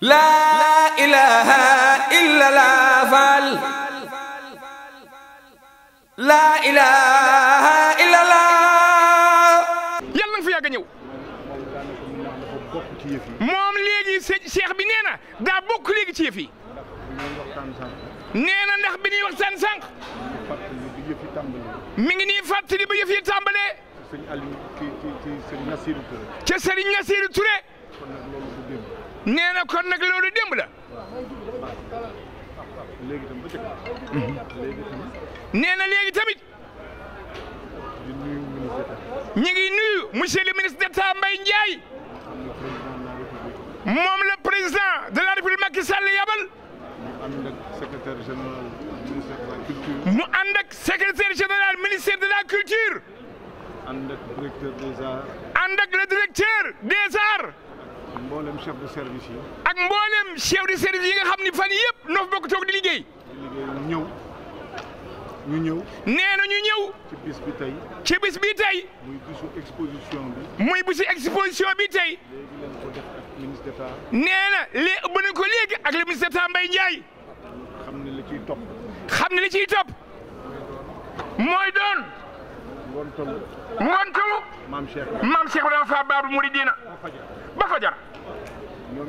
laa ilaaha illa laa faal laa ilaaha illa laa yal moom léegi seex bi nee na daa bokk léegi ci yëf yi bi ñuy waxtaan sànq mi ngi nii fàttali ba yëf yi tàmbalee ca sëriñ Nasiru Touré nee na kon nag loolu la. nee na léegi tamit. ñu ngi nuyu monsieur le ministre d'État Mbaye Ndiaye. moom la président de la république Macky Sall yabal. mu ànd ak général ministère de la culture. mboolem de service ak mboolem chef de service yi nga xam ni fan yëpp noof bokk toog di liggéey. ñu ñëw. nee na ñu ñëw. ci bis bi tey. muy bisu exposition bi. tey. nee na lée ëbb nañ ko léegi ak le ministre d'État Mbaye xam ne li ciy topp. xam ne li ciy topp. mooy doon. ngontalu. ngontalu. maam Cheikh Ibrahima ba fajar. nee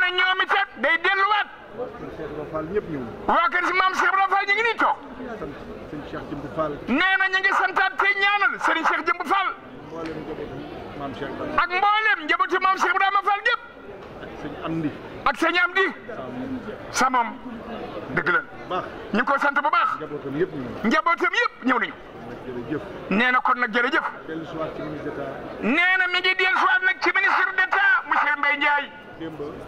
na ñoom itam day delluwaat. waa kër si maam Cheikh Ibra Fall ñu ngi nii toog. nee na ñu ngi santaat tey ñaanal Serigne Cheikh Jëmb ak mboolem njabootu maam Cheikh Ibrahima Fall gépp. ak sëñ Amdi. sa moom dëgg la ñu ngi koy sant bu baax. njabootam yëpp ñëw nañu. nee na kon nag jërëjëf. nee na mi ngi dellusiwaat nag ci Ablaye Ndiaye.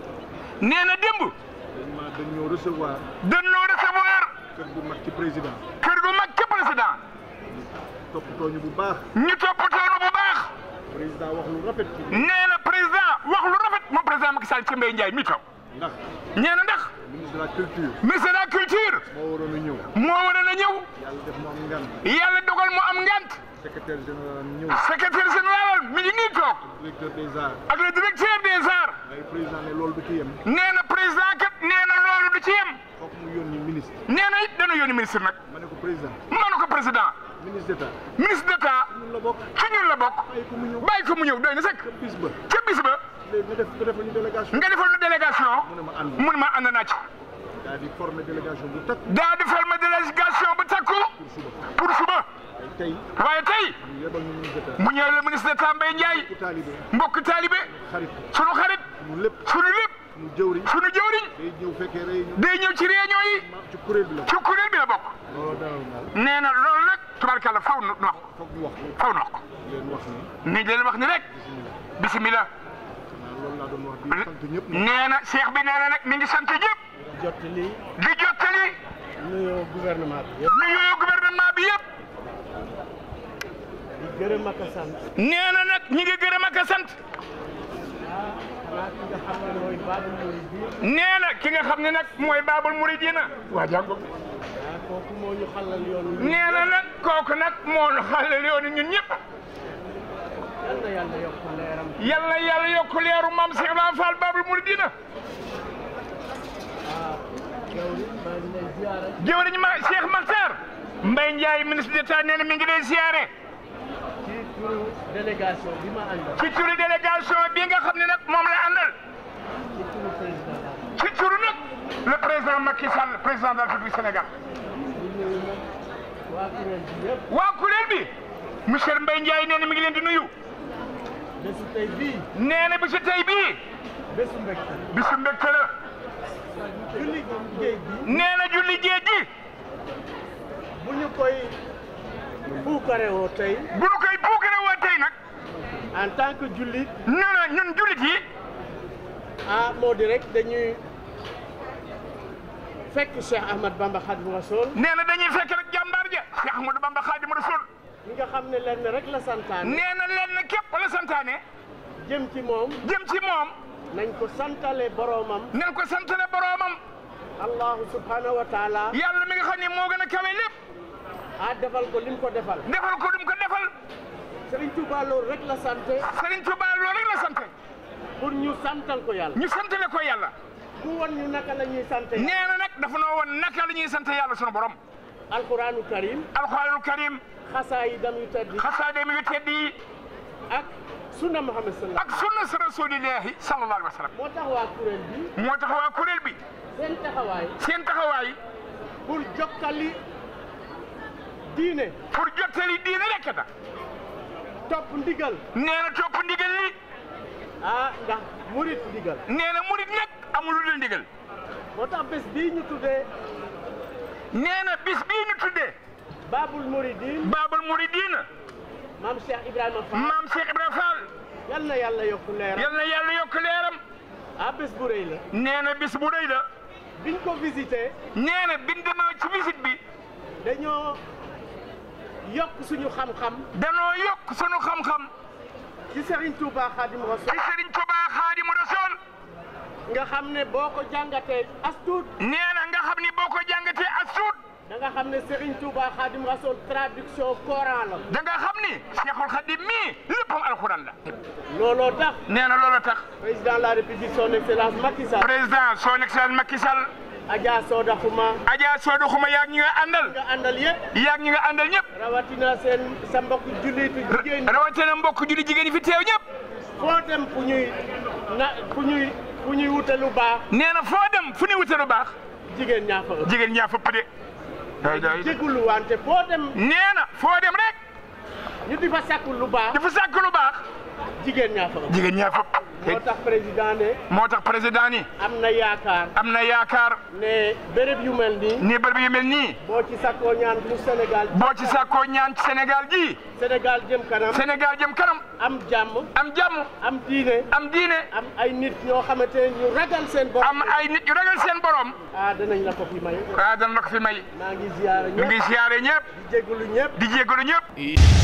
nee na dañ ñoo recevoir. dañ ñoo recevoir. kër gu mag ci président. kër gu mag ci président. ñu bu baax. ñu toppatoo ñu bu baax. président wax lu rafet. nee na président wax lu rafet moom président Macky Sall ci Mbaye Ndiaye mi toog. ndax nee na ndax. ministre de la culture. ministre de la culture. moo waroon a ñëw. moo waroon a ñëw. i def mu am ngant. yàlla dogal mu am ngant. secrétaire général ñëw. mi ngi nii toog. directeur des arts. ak le directeur des arts. ay président ne loolu loolu du ci yem. foog mu yónni ministre. ministre nag. ma ne ko président. ministre d'état. ministre d'état. ci la bokk ci ko mu ñëw bàyyi nga defal mun ma ànd naa ci. daa di former délégation bu takku. daa di former délégation bu takku. pour suba. waaye tey. mu ñëw le ministre d'État Mbaye Ndiaye. mbokk taalibe. sunu xarit. sunu lépp sunu jëwriñ. sunu jëwriñ. day ñëw fekkee réunion. day ñëw ci réunion yi. ci kuréel bi la bokk. nee na loolu nag tubaarkàlla faw nu wax ni leen wax ni rek. bisimilah. nee seex bi nee nag mi ngi sant ñëpp. di jottali. di jottali. a sant. nee na nag ñi ngi gërëm ak a sant. nee na ki ne nag mooy baabul muridina waa jàngo. nee ah, na nag kooku moo ñu xàllal yoonu ñun ñëpp. yal na yàlla yokk leeru maam Cheikh Ibrahima Fall Babul Mouridina. jëwriñ ma Cheikh Makhtar Mbaye Ndiaye ministre d'État nee na mi ngi lay ziare. ci turu délégation bi ma àndal. ci turu délégation bi nga xam ne nag moom la àndal. ci turu nag le président Macky Sall président de la République Sénégal. waa kuréel bi. monsieur Mbaye Ndiaye nee na mi ngi leen di nuyu. bésu tey bii. nee na bésu tey bii. bésu mbégte la la. julli géej gi. nee na julli géej gi. bu ñu koy puukare woo bu ñu koy puukare woo nag. en tant que jullit. nee na ñun jullit yi. ah moo di rek dañuy fekk Cheikh Ahmad Bamba Khadim Rasoul. nee na dañuy fekk rek ja Cheikh Ahmadou Bamba Khadim Rasoul. nga xam ne lenn rek la santaane. nee na lenn képp la santaane. jëm ci moom. jëm ci moom. nañ ko santale boromam. nañ ko santale boromam. allahu subhanahu wa taala. yàlla mi nga xam ne moo gën a kawe lépp. ah defal ko lim ko defal. defal ko lim ko defal. Serigne Touba loolu rek la sant. Serigne Touba loolu rek la sant. pour ñu santal ko yàlla. ñu santale ko yàlla. ku won ñu naka la ñuy sant. nee na nag dafa noo won la ñuy sant yàlla sunu borom. alquranu karim. alquranu xasaayidam yu tedd yi xasaayidam yu tedd ak sunna Muhammad sallallahu ak sunna si rasulillahi sallallahu alayhi moo tax waa kuréel bi moo tax waa kuréel bi seen taxawaay seen taxawaay pour jokkali diine pour jottali diine rek da topp ndigal nee na topp ndigal li ah ndax murit ndigal nee na murit nag amul lu ndigal moo tax bés bii ñu tuddee nee na bés ñu tuddee baabul muridiin. baabul muridiin. maam Cheikh Ibrahima Fall. maam Cheikh Ibrahima Fall. yal na yàlla yokk leeram. yal na yàlla yokk leeram. ah bés bu rëy la. nee na bés bu rëy la. biñ ko visité. nee na biñ demee ci visite bi. dañoo yokk suñu xam-xam. dañoo yokk suñu xam-xam. ci Serigne Touba Khadim Rasoul. nga xam ne boo ko jàngatee as tuut. na nga xam ne boo ko jàngatee as nga xam ne Serigne Touba Khadim Rasoul traduction Coran la. da nga xam ni Cheikhul Khadim la. looloo tax. nee na looloo tax. président la république son excellence Macky Sall. président son excellence Macky Sall. Adja Soda Xuma. Adja Soda Xuma yaag ñi nga àndal. nga yëpp. yaag ñi nga àndal ñëpp. rawatina seen sa mbokku jullitu jigéen ñi. rawatina mbokku julli fi teew ñëpp. foo dem fu ñuy na fu ñuy fu wute lu baax. nee na foo dem fu ñuy wute lu baax. jigéen ñaa fa ñaa fa pare. jégalu wante foo dem. nee na foo dem rek. ñu di fa sakku lu baax. di fa sakku lu baax. jigéen ñaa fa jigéen ñaa fa. moo tax président ne. moo tax président ni. am na yaakaar. am na yaakaar. ne béréb yu mel nii. ne béréb yu mel nii. boo ci sakoo ñaan pour Sénégal. boo ci sakoo ñaan Sénégal ji. Sénégal jëm kanam. Sénégal jëm kanam. am jàmm. am jàmm. am diine. am diine. am ay nit ñoo xamante ne ñu ragal seen borom. am ay nit ñu ragal seen borom. ah danañ la ko fi may. ah danañ la ko fi may. maa ngi ziare ñëpp. ñu ngi ziare ñëpp. di jégalu ñëpp. di jégalu ñëpp.